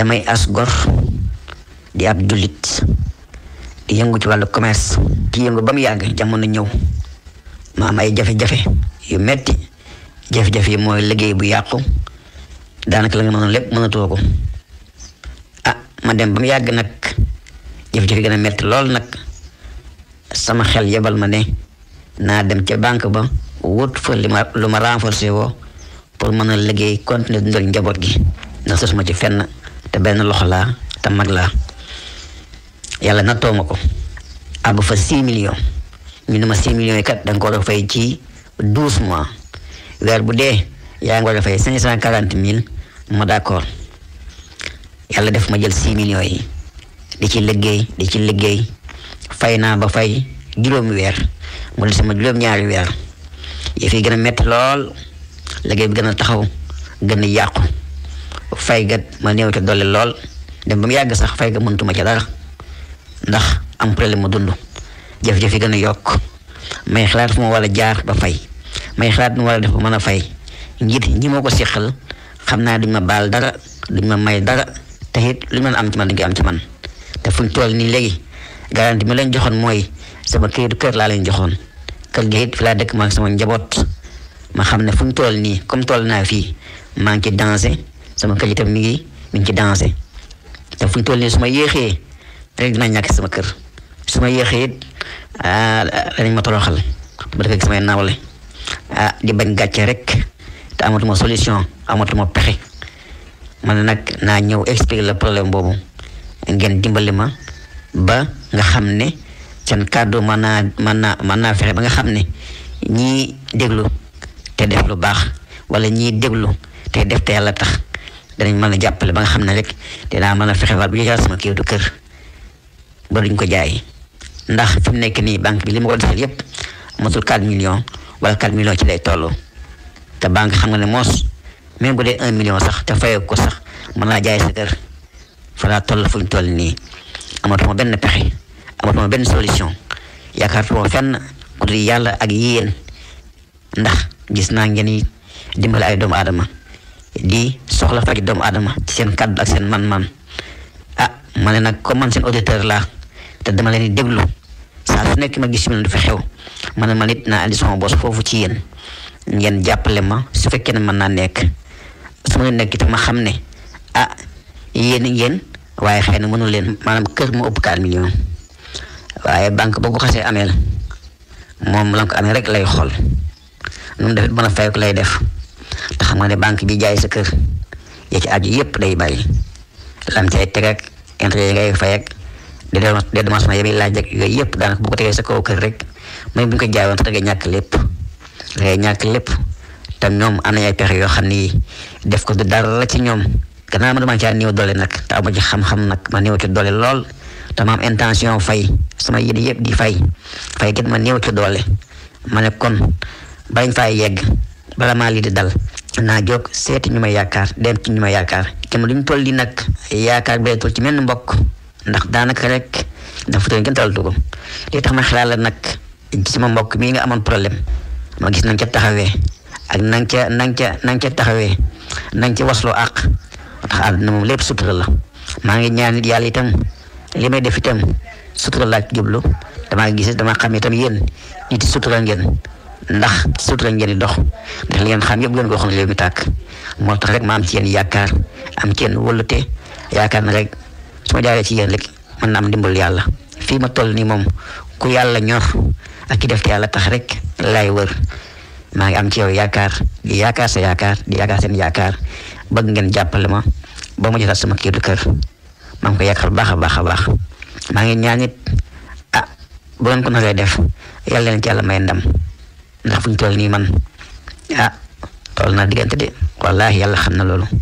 damay as gor di ab jullit di yëngu ci wàllu commerce di yëngu ba mu yàgg jamono ñëw ma am ay jafe-jafe yu metti jafe-jafe yi mooy liggéey bu yàqu daanaka la nga mënoon lépp mënatoo ko ah ma dem ba yàgg nag jafe-jafe gën a nag sama xel yebal ma ne naa dem ca banque ba wut li ma lu ma renforcer woo pour mën a liggéey continuer njaboot gi ci fenn te benn loxo laa te mag laa yàlla nattoo ma ko àbb fa 6 million ñu ne ma 6 millions yi kat da nga ko war fay ci 12 mois weer bu dee yaa ngi war a fay 540 mille ma d'accord yàlla def ma jël 6 million yi di ci liggéey di ci liggéey fay naa ba fay juróom weer mu ne sama juróom-ñaari weer yëf yi gën a metti lool liggéey bi gën a taxaw gën a yàqu. faygat ma néew te doole lool dem ba mu yàgg sax fay fayga mëntuma ci dara ndax am problème mu dund jafe-jafe gën a yokk may xalaat fu ma war jaar ba fay may xalaat nu war def ba mën a fay njiit ñi moo ko seqal xam naa duñ ma baal dara duñ ma may dara te it luñ mën a am ci man dañ koy am ci man te fuñ toll nii léegi joxoon mooy sama këyitu kër laa leen joxoon kër gi it fi laa dëkk ma sama njaboot ma xam ne fuñ toll nii comme toll naa fii maa ngi ci danger sama kër itam mi ngi mi ci dansé te fu toll nii su ma yéexee rek dinaa ñàkk sama kër su ma yéexee it ah, danañ ma toroxal ba ah di bañ gàcce rek te amatuma solution amatuma pexe man nag naa ñëw expliquer la problème boobu ngeen dimbali ma ba nga xam ne seen kàddu mën naa mën naa mën naa fexe ba nga xam ne ñii déglu te def lu baax walla ñii déglu te def te yàlla tax. danañ mën a jàppale ba nga xam ne rek dinaa mën a fexe ba bu ñu jaar sama kii kër ba duñ ko jaay ndax fi mu nekk nii banque bi li ma ko defal yëpp matul 4 millions wala ci lay toll te banque xam nga ne moos même bu dee 1 million sax te fayoo ko sax mën naa jaay sa kër fa fu ñu toll nii amatuma benn pexe amatuma benn solution yaakaar fi ma fenn ku dul yàlla ak yéen ndax gis naa ngeen dimbali ay doomu aadama. di soxla faj doomu aadama ci seen kàddu ak seen man-man ah ma ne nag comme man seen auditeur la te dama leen di déglu saa su nekk ma gis ñu ne du fi xew ma ne ma nit naa indi bos foofu ci yéen ngeen jàppale ma su fekkee ne mën naa nekk su ma nekk itam ma xam ne ah yéen ngeen waaye xëy na mënu leen maanaam kër moo ëpp mi millions waaye banque boo ko xasee ameel moom la ko amee rek lay xool nu mu def a fay lay def. xam nga ne banque bi jaay sa kër ya ci aju yëpp day bay lam cay teg ak intérêt yi ngay fay ak dédommagement yi muy laaj ak yëpp daanaka bu ko tegee sa kaw kër rek mooy bu ñu ko jaayoon te da ngay ñàkk lépp ñàkk lépp te ñoom am nañ ay pexe yoo xam ni def ko du dara ci ñoom gannaaw ma dama caa néew doole nag te amu ci xam-xam nag ma néew ci doole lool te ma am intention fay sama yéene yëpp di fay fay kenn ma néew ci doole ma ne kon bañ faa yegg bala maa lii di dal naa jóg seeti ñu ma yaakaar dem ci ñu ma yaakaar kenn duñ toll li nag yaakaar bee toll ci menn mbokk ndax daanaka rek dafa toll kenn talatu tax ma xalaat la nag ci sama mbokk mii nga amoon problème ma gis nañ ca taxawee ak nañ ca nañ ca nañ ca taxawee nañ ca wasloo àq ndax àdduna moom lépp sutura la maa ngi ñaan yàlla itam li may def itam sutura laaj jublu damaa gis damaa xam itam yéen nit yi sutura ngeen. ndax sutura ngeen di dox ndax li ngeen xam yëpp ngeen ko wax ne léegi tàkk moo tax rek ma am ci yéen yaakaar am ci yéen wëllute yaakaar na rek su ma jaaree ci yéen rek mën na am ndimbal yàlla fii ma toll nii moom ku yàlla ñor ak ki def te yàlla tax rek laay wër maa ngi am ci yow yaakaar di yaakaar sa yaakaar di yaakaar seen yaakaar bëgg ngeen jàppale ma ba ma jotaat sama kii du kër maa ngi ko yaakaar baax a baax a baax maa ngi ñaan it ah bu ngeen ko naree def yàlla leen ci yàlla may ndam. ndax fu ñu nii man ah toll na diggante de wallaahi yàlla xam na loolu